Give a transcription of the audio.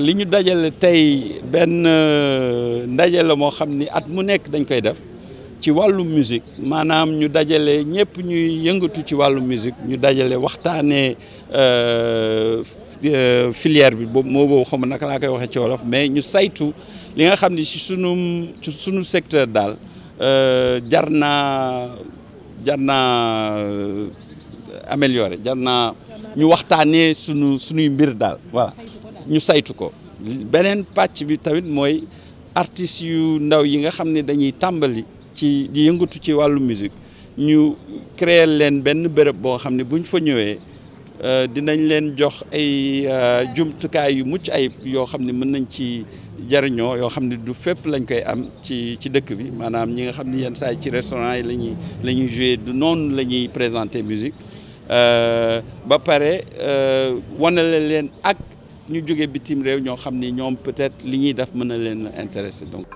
li ñu dajale tey benn euh, ndaje la moo xam ni at mu nekk dañ koy def ci wàllu musique maanaam ñu dajale ñëpp ñuy yëngatu ci wàllu musique ñu dajale waxtaanee euh, euh, filière bi boobu moo boobu xam naka laa koy waxee ci wolof mais ñu saytu li nga xam ni ci sunu ci secteur daal jar naa jar naa améliorer jar naa ñu waxtaanee sunu sunuy mbir daal voilà ñu saytu ko beneen pàcc bi tamit mooy artistes yu ndaw yi nga xam ni dañuy tàmbali ci di yëngatu ci wàllu musique ñu créer leen benn béréb boo xam ne buñ fa ñëwee euh, dinañ leen jox ay euh, jumtukaay yu mucc ayib yoo xam ne mën nañ ci jariñoo yoo xam ne du fépp lañ koy am ci ci dëkk bi maanaam ñi nga xam ne yenn saa yi ci restaurant yi la ñuy la ñuy jouer du noonu la ñuy présenter musique Euh, ba pare euh, wanale leen ak ñu jóge bitim réew ñoo xam ni ñoom peut-être li ñuy def mën na leen intéressé donc